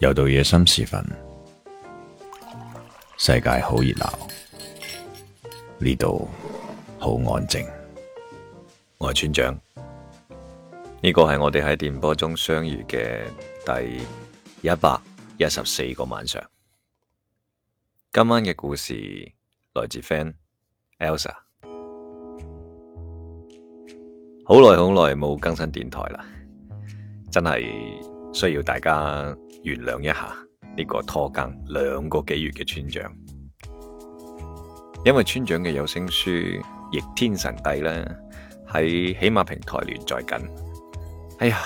又到夜深時分，世界好熱鬧，呢度好安靜。我係村長，呢個係我哋喺電波中相遇嘅第一百一十四個晚上。今晚嘅故事來自 Fan Elsa。好耐好耐冇更新電台啦，真係。需要大家原諒一下呢、這個拖更兩個幾月嘅村長，因為村長嘅有聲書《逆天神帝》呢，喺喜馬平台連載緊。哎呀，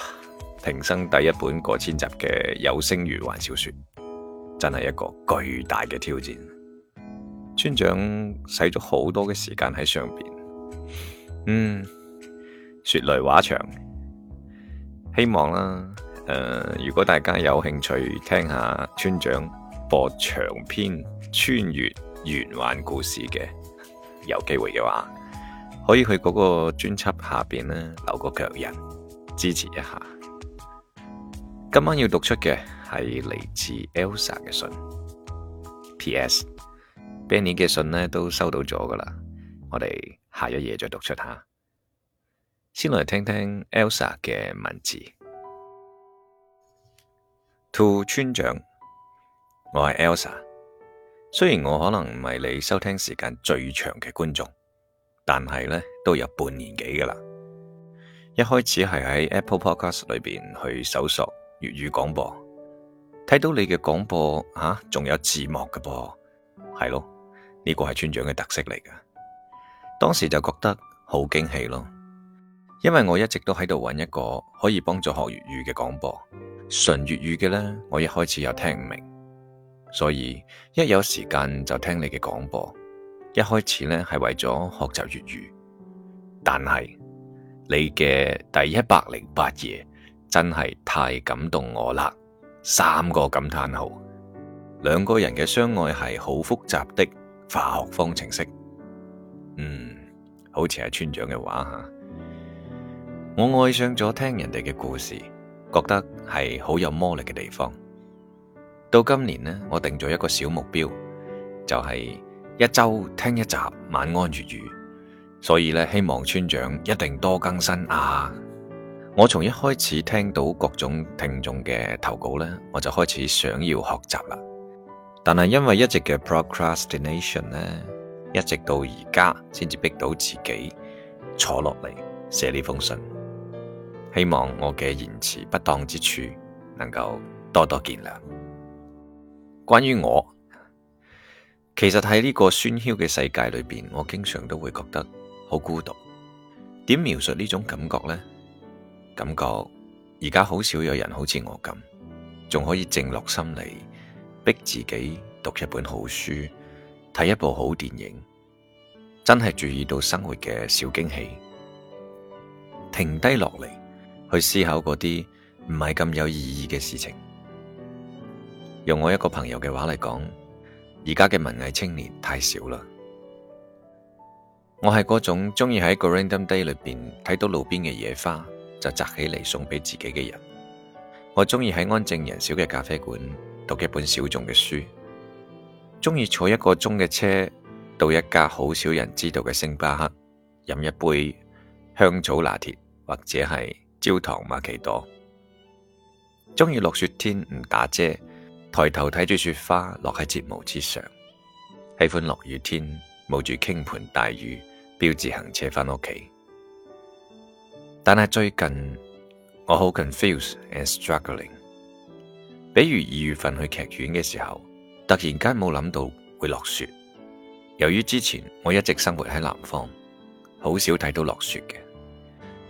平生第一本過千集嘅有聲玄幻小說，真係一個巨大嘅挑戰。村長使咗好多嘅時間喺上邊，嗯，說來話長，希望啦、啊。誒，uh, 如果大家有興趣聽下村長播長篇穿越玄幻故事嘅，有機會嘅話，可以去嗰個專輯下邊咧留個腳印支持一下。今晚要讀出嘅係嚟自 Elsa 嘅信。P.S. Bennie 嘅信咧都收到咗噶啦，我哋下一夜再讀出下。先嚟聽聽 Elsa 嘅文字。To 村長，我係 Elsa。雖然我可能唔係你收聽時間最長嘅觀眾，但係咧都有半年幾噶啦。一開始係喺 Apple Podcast 裏邊去搜索粵語廣播，睇到你嘅廣播吓，仲、啊、有字幕嘅噃，係咯，呢、呢個係村長嘅特色嚟噶。當時就覺得好驚喜咯，因為我一直都喺度揾一個可以幫助學粵語嘅廣播。純粵語嘅咧，我一開始又聽唔明，所以一有時間就聽你嘅廣播。一開始咧係為咗學習粵語，但係你嘅第一百零八夜真係太感動我啦！三個感嘆號，兩個人嘅相愛係好複雜的化學方程式。嗯，好似係村長嘅話吓，我愛上咗聽人哋嘅故事。覺得係好有魔力嘅地方。到今年呢，我定咗一個小目標，就係一周聽一集晚安粵語。所以呢，希望村長一定多更新啊！我從一開始聽到各種聽眾嘅投稿呢，我就開始想要學習啦。但係因為一直嘅 procrastination 呢，一直到而家先至逼到自己坐落嚟寫呢封信。希望我嘅言辭不當之處，能夠多多見諒。關於我，其實喺呢個喧囂嘅世界裏邊，我經常都會覺得好孤獨。點描述呢種感覺呢？感覺而家好少有人好似我咁，仲可以靜落心嚟，逼自己讀一本好書，睇一部好電影，真係注意到生活嘅小驚喜，停低落嚟。去思考嗰啲唔係咁有意義嘅事情。用我一個朋友嘅話嚟講，而家嘅文藝青年太少啦。我係嗰種中意喺個 random day 裏邊睇到路邊嘅野花就摘起嚟送俾自己嘅人。我中意喺安靜人少嘅咖啡館讀一本小眾嘅書，中意坐一個鐘嘅車到一家好少人知道嘅星巴克飲一杯香草拿鐵或者係。焦糖瑪奇朵，中意落雪天唔打遮，抬頭睇住雪花落喺睫毛之上；喜歡落雨天冒住傾盆大雨，標自行車翻屋企。但係最近我好 confused and struggling，比如二月份去劇院嘅時候，突然間冇諗到會落雪。由於之前我一直生活喺南方，好少睇到落雪嘅。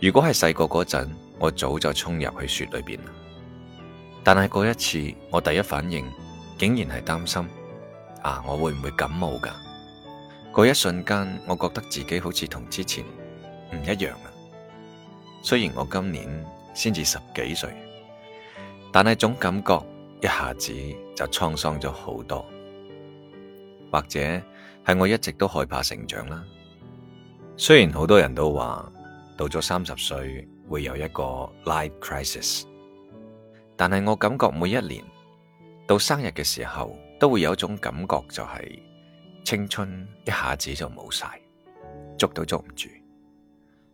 如果係細個嗰陣，我早就衝入去雪裏邊啦，但係嗰一次，我第一反應竟然係擔心啊，我會唔會感冒噶？嗰一瞬間，我覺得自己好似同之前唔一樣啊。雖然我今年先至十幾歲，但係總感覺一下子就滄桑咗好多，或者係我一直都害怕成長啦。雖然好多人都話到咗三十歲，會有一個 life crisis，但係我感覺每一年到生日嘅時候，都會有一種感覺，就是，就係青春一下子就冇晒，捉都捉唔住，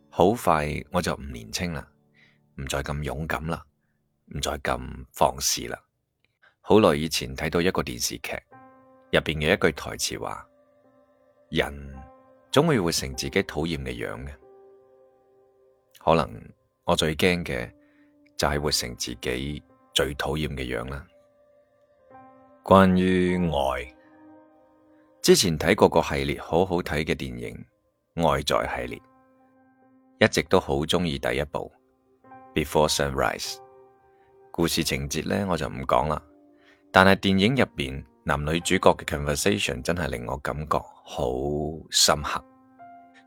好快我就唔年青啦，唔再咁勇敢啦，唔再咁放肆啦。好耐以前睇到一個電視劇，入邊嘅一句台詞話：人總會活成自己討厭嘅樣嘅，可能。我最驚嘅就係、是、活成自己最討厭嘅樣啦。關於愛，之前睇過個系列好好睇嘅電影《愛在》系列，一直都好鍾意第一部《Before Sunrise》。故事情節呢，我就唔講啦，但係電影入邊男女主角嘅 conversation 真係令我感覺好深刻。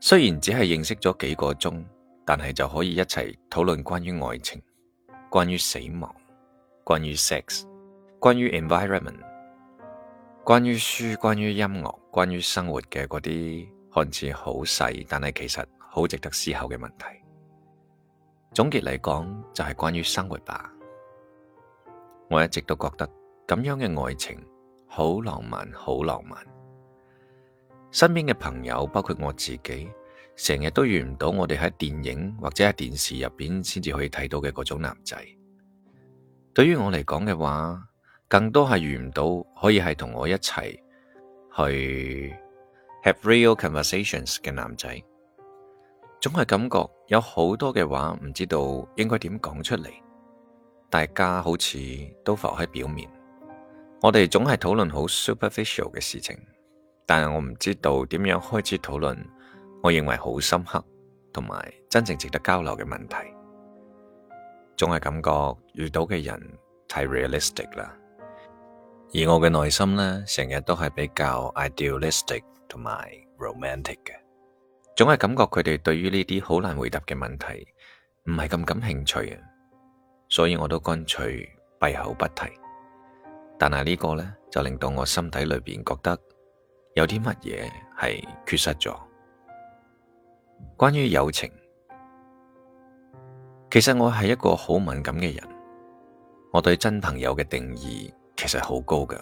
雖然只係認識咗幾個鐘，但係就可以一齊討論關於愛情、關於死亡、關於 sex、關於 environment、關於書、關於音樂、關於生活嘅嗰啲看似好細，但係其實好值得思考嘅問題。總結嚟講，就係關於生活吧。我一直都覺得咁樣嘅愛情好浪漫，好浪漫。身邊嘅朋友包括我自己，成日都遇唔到我哋喺電影或者喺電視入邊先至可以睇到嘅嗰種男仔。對於我嚟講嘅話，更多係遇唔到可以係同我一齊去 have real conversations 嘅男仔。總係感覺有好多嘅話唔知道應該點講出嚟。大家好似都浮喺表面，我哋總係討論好 superficial 嘅事情，但係我唔知道點樣開始討論。我認為好深刻，同埋真正值得交流嘅問題，總係感覺遇到嘅人太 realistic 啦。而我嘅內心呢，成日都係比較 idealistic 同埋 romantic 嘅，總係感覺佢哋對於呢啲好難回答嘅問題唔係咁感興趣，所以我都乾脆閉口不提。但係呢個呢，就令到我心底裏邊覺得有啲乜嘢係缺失咗。關於友情，其實我係一個好敏感嘅人。我對真朋友嘅定義其實好高噶。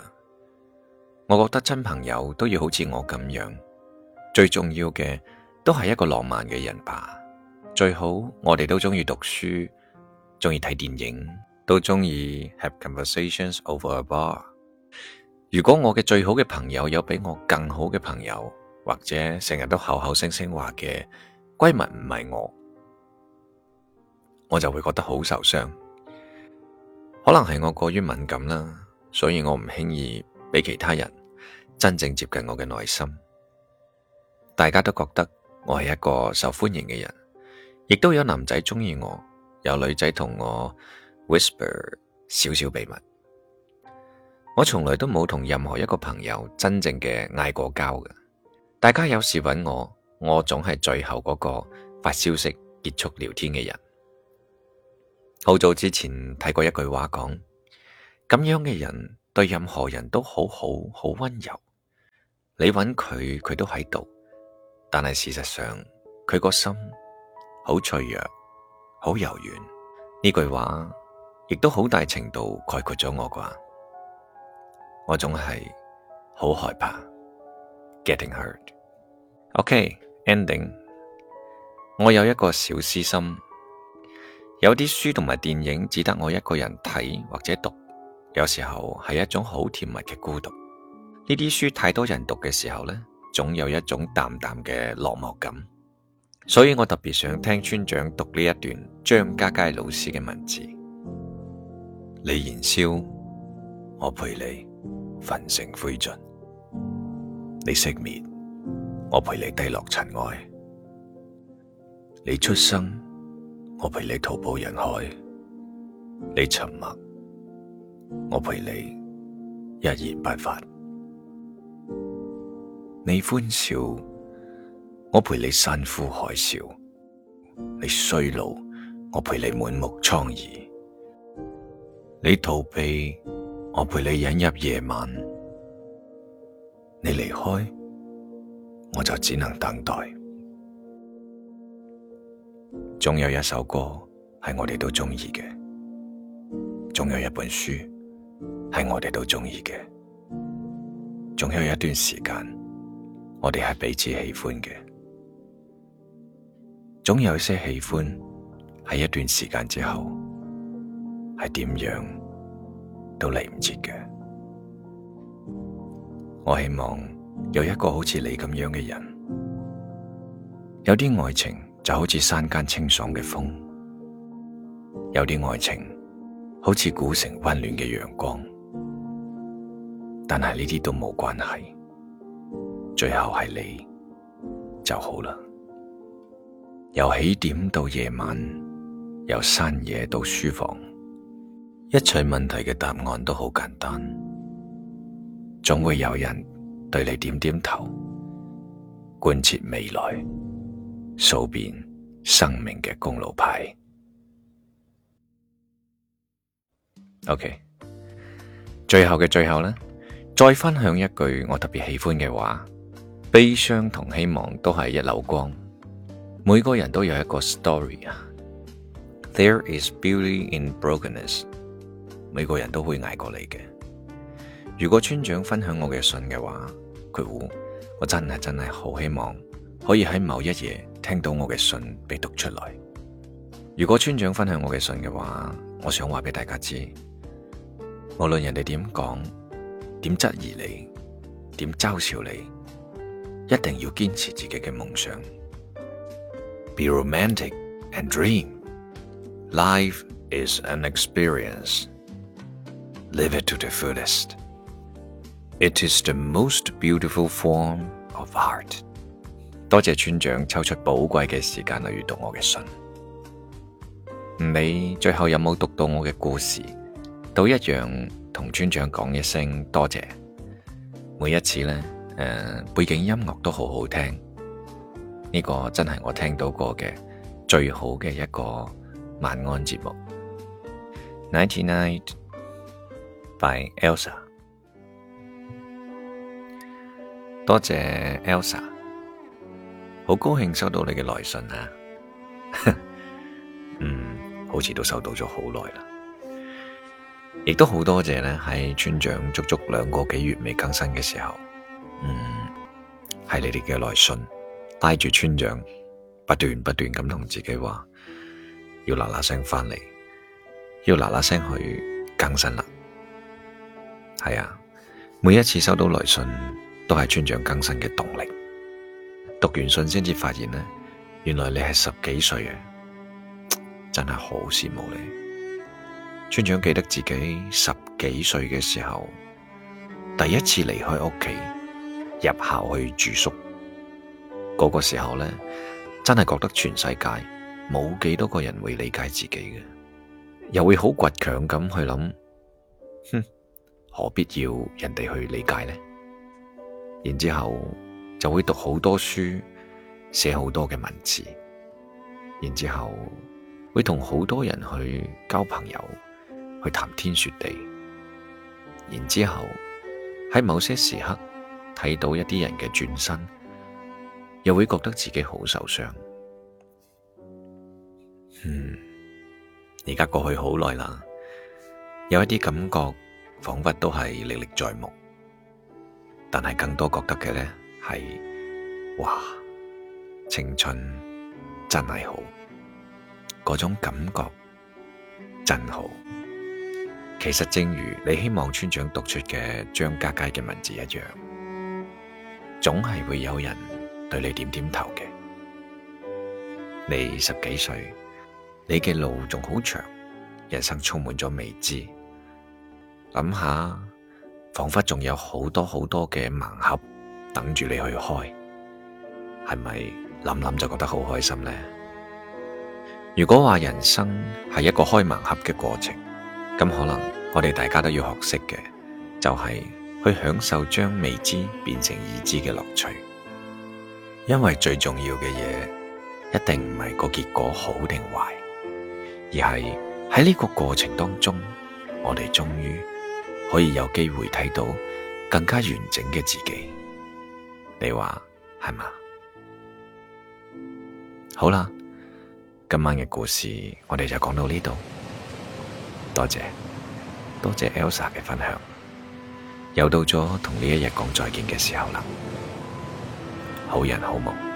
我覺得真朋友都要好似我咁樣，最重要嘅都係一個浪漫嘅人吧。最好我哋都鍾意讀書，鍾意睇電影，都鍾意 have conversations over a bar。如果我嘅最好嘅朋友有比我更好嘅朋友，或者成日都口口聲聲話嘅閨蜜唔係我，我就會覺得好受傷。可能係我過於敏感啦，所以我唔輕易俾其他人真正接近我嘅內心。大家都覺得我係一個受歡迎嘅人，亦都有男仔鍾意我，有女仔同我 whisper 小小秘密。我從來都冇同任何一個朋友真正嘅嗌過交嘅。大家有事搵我，我總係最後嗰個發消息結束聊天嘅人。好早之前睇過一句話講，咁樣嘅人對任何人都好好，好溫柔，你搵佢佢都喺度，但係事實上佢個心好脆弱，好柔軟。呢句話亦都好大程度概括咗我啩，我總係好害怕。Getting hurt. o、okay, k ending. 我有一個小私心，有啲書同埋電影只得我一個人睇或者讀，有時候係一種好甜蜜嘅孤獨。呢啲書太多人讀嘅時候呢，總有一種淡淡嘅落寞感。所以我特別想聽村長讀呢一段張嘉佳、佳老師嘅文字。你燃燒，我陪你焚成灰燼。你熄滅，我陪你低落塵埃；你出生，我陪你徒步人海；你沉默，我陪你一言不發；你歡笑，我陪你山呼海嘯；你衰老，我陪你滿目瘡痍；你逃避，我陪你隱入夜晚。你離開，我就只能等待。總有一首歌係我哋都中意嘅，總有一本書係我哋都中意嘅，總有一段時間我哋係彼此喜歡嘅，總有一些喜歡喺一段時間之後係點樣都嚟唔切嘅。我希望有一個好似你咁樣嘅人。有啲愛情就好似山間清爽嘅風，有啲愛情好似古城溫暖嘅陽光。但係呢啲都冇關係，最後係你就好啦。由起點到夜晚，由山野到書房，一切問題嘅答案都好簡單。總會有人對你點點頭，貫徹未來，數遍生命嘅功勞牌。OK，最後嘅最後呢？再分享一句我特別喜歡嘅話：悲傷同希望都係一縷光。每個人都有一個 story 啊，There is beauty in brokenness。每個人都會捱過嚟嘅。如果村長分享我嘅信嘅話，佢會，我真係真係好希望可以喺某一夜聽到我嘅信被讀出來。如果村長分享我嘅信嘅話，我想話俾大家知，無論人哋點講，點質疑你，點嘲笑你，一定要堅持自己嘅夢想。Be romantic and dream. Life is an experience. Live it to the fullest. It is the most beautiful form of heart。多謝村長抽出寶貴嘅時間嚟閱讀我嘅信。唔理最後有冇讀到我嘅故事，都一樣同村長講一聲多謝。每一次呢，呃、背景音樂都好好聽。呢、這個真係我聽到過嘅最好嘅一個晚安節目。Nighty night by Elsa。多謝 Elsa，好高興收到你嘅來信啊！ 嗯，好似都收到咗好耐啦，亦都好多謝呢，喺村長足足兩個幾月未更新嘅時候，嗯，係你哋嘅來信，帶住村長不斷不斷咁同自己話，要嗱嗱聲翻嚟，要嗱嗱聲去更新啦。係啊，每一次收到來信，都係村長更新嘅動力。讀完信先至發現呢，原來你係十幾歲啊，真係好羨慕你。村長記得自己十幾歲嘅時候，第一次離開屋企入校去住宿。嗰個時候呢，真係覺得全世界冇幾多個人會理解自己嘅，又會好倔強咁去諗，哼，何必要人哋去理解呢？然之後就會讀好多書，寫好多嘅文字，然之後會同好多人去交朋友，去談天說地，然之後喺某些時刻睇到一啲人嘅轉身，又會覺得自己好受傷。嗯，而家過去好耐啦，有一啲感覺仿佛都係歷歷在目。但係更多覺得嘅咧，係哇，青春真係好，嗰種感覺真好。其實正如你希望村長讀出嘅張嘉佳嘅文字一樣，總係會有人對你點點頭嘅。你十幾歲，你嘅路仲好長，人生充滿咗未知。諗下。仿佛仲有好多好多嘅盲盒等住你去開，係咪諗諗就覺得好開心呢？如果話人生係一個開盲盒嘅過程，咁可能我哋大家都要學識嘅，就係去享受將未知變成已知嘅樂趣。因為最重要嘅嘢，一定唔係個結果好定壞，而係喺呢個過程當中，我哋終於。可以有機會睇到更加完整嘅自己，你話係嘛？好啦，今晚嘅故事我哋就講到呢度，多謝多謝 Elsa 嘅分享。又到咗同呢一日講再見嘅時候啦，好人好夢。